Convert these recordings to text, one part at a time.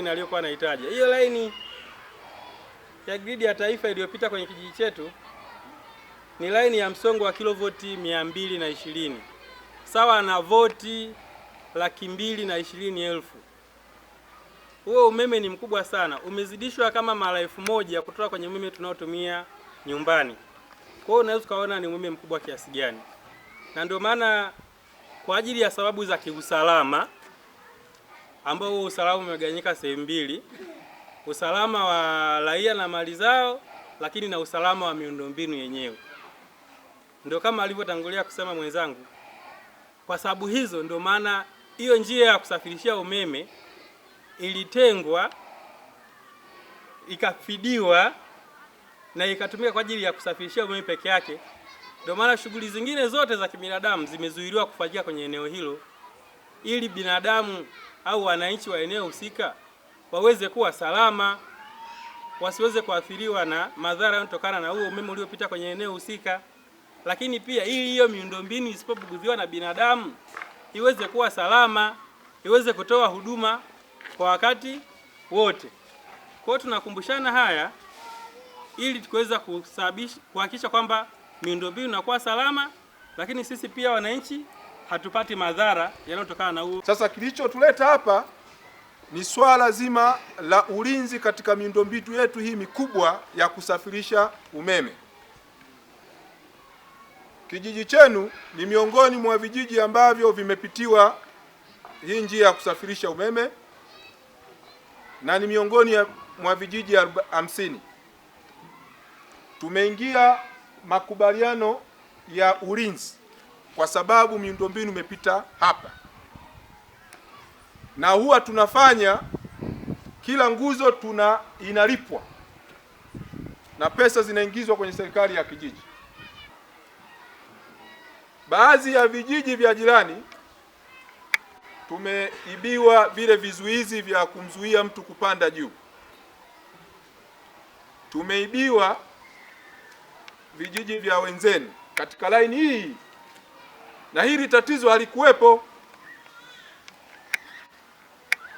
line aliyokuwa anahitaji. Hiyo line ya gridi ya taifa iliyopita kwenye kijiji chetu ni line ya msongo wa kilovoti 220 sawa na voti laki mbili na ishirini elfu. Huo umeme ni mkubwa sana, umezidishwa kama mara elfu moja kutoka kwenye umeme tunaotumia nyumbani. Kwa hiyo unaweza ukaona ni umeme mkubwa kiasi gani, na ndio maana kwa ajili ya sababu za kiusalama ambao huo usalama umegawanyika sehemu mbili, usalama wa raia na mali zao, lakini na usalama wa miundombinu yenyewe. Ndio kama alivyotangulia kusema mwenzangu, kwa sababu hizo ndio maana hiyo njia ya kusafirishia umeme ilitengwa ikafidiwa na ikatumika kwa ajili ya kusafirishia umeme peke yake. Ndio maana shughuli zingine zote za kibinadamu zimezuiliwa kufanyika kwenye eneo hilo ili binadamu au wananchi wa eneo husika waweze kuwa salama, wasiweze kuathiriwa na madhara yanayotokana na huo umeme uliopita kwenye eneo husika. Lakini pia ili hiyo miundombinu isipobuguziwa na binadamu iweze kuwa salama, iweze kutoa huduma kwa wakati wote. Kwa hiyo tunakumbushana haya ili tukiweza kuhakikisha kwamba miundombinu inakuwa salama, lakini sisi pia wananchi hatupati madhara yanayotokana na huo. Sasa kilichotuleta hapa ni swala zima la ulinzi katika miundombinu yetu hii mikubwa ya kusafirisha umeme. Kijiji chenu ni miongoni mwa vijiji ambavyo vimepitiwa hii njia ya kusafirisha umeme na ni miongoni mwa vijiji hamsini. Tumeingia makubaliano ya ulinzi kwa sababu miundombinu imepita hapa, na huwa tunafanya kila nguzo tuna inalipwa na pesa zinaingizwa kwenye serikali ya kijiji. Baadhi ya vijiji vya jirani tumeibiwa vile vizuizi vya kumzuia mtu kupanda juu, tumeibiwa vijiji vya wenzenu katika laini hii na hili tatizo halikuwepo.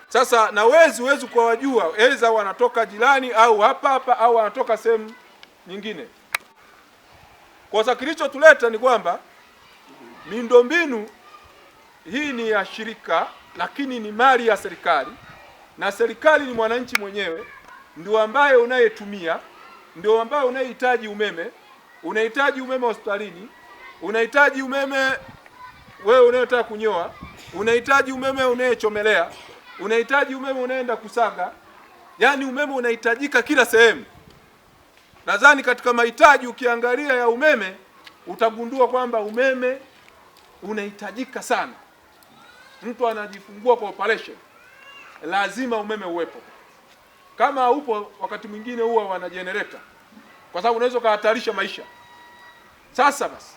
Sasa na wezi huwezi kuwajua, eza wanatoka jirani au hapa hapa au wanatoka sehemu nyingine. Kwa sasa kilichotuleta ni kwamba miundombinu hii ni ya shirika, lakini ni mali ya serikali, na serikali ni mwananchi mwenyewe ndio ambaye unayetumia, ndio ambaye unayehitaji umeme, unahitaji umeme hospitalini, unahitaji umeme wewe unayotaka kunyoa, unahitaji umeme unayechomelea, unahitaji umeme unaenda kusaga, yaani umeme unahitajika kila sehemu. Nadhani katika mahitaji ukiangalia ya umeme utagundua kwamba umeme unahitajika sana. Mtu anajifungua kwa operation, lazima umeme uwepo. Kama haupo, wakati mwingine huwa wana generator, kwa sababu unaweza ukahatarisha maisha. Sasa basi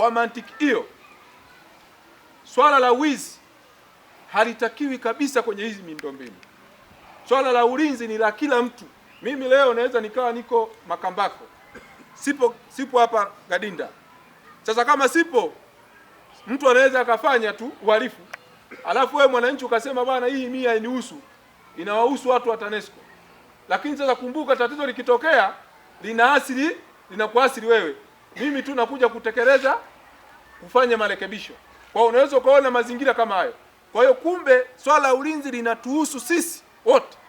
kwa mantiki hiyo, swala la wizi halitakiwi kabisa kwenye hizi miundombinu. Swala la ulinzi ni la kila mtu. Mimi leo naweza nikawa niko Makambako, sipo sipo hapa Gadinda. Sasa kama sipo, mtu anaweza akafanya tu uhalifu, alafu wewe mwananchi ukasema bwana, hii mimi hainihusu, inawahusu watu wa TANESCO. Lakini sasa kumbuka, tatizo likitokea lina asili linakuasili wewe. Mimi tu nakuja kutekeleza kufanya marekebisho. Kwa hiyo unaweza ukaona mazingira kama hayo. Kwa hiyo kumbe swala la ulinzi linatuhusu sisi wote.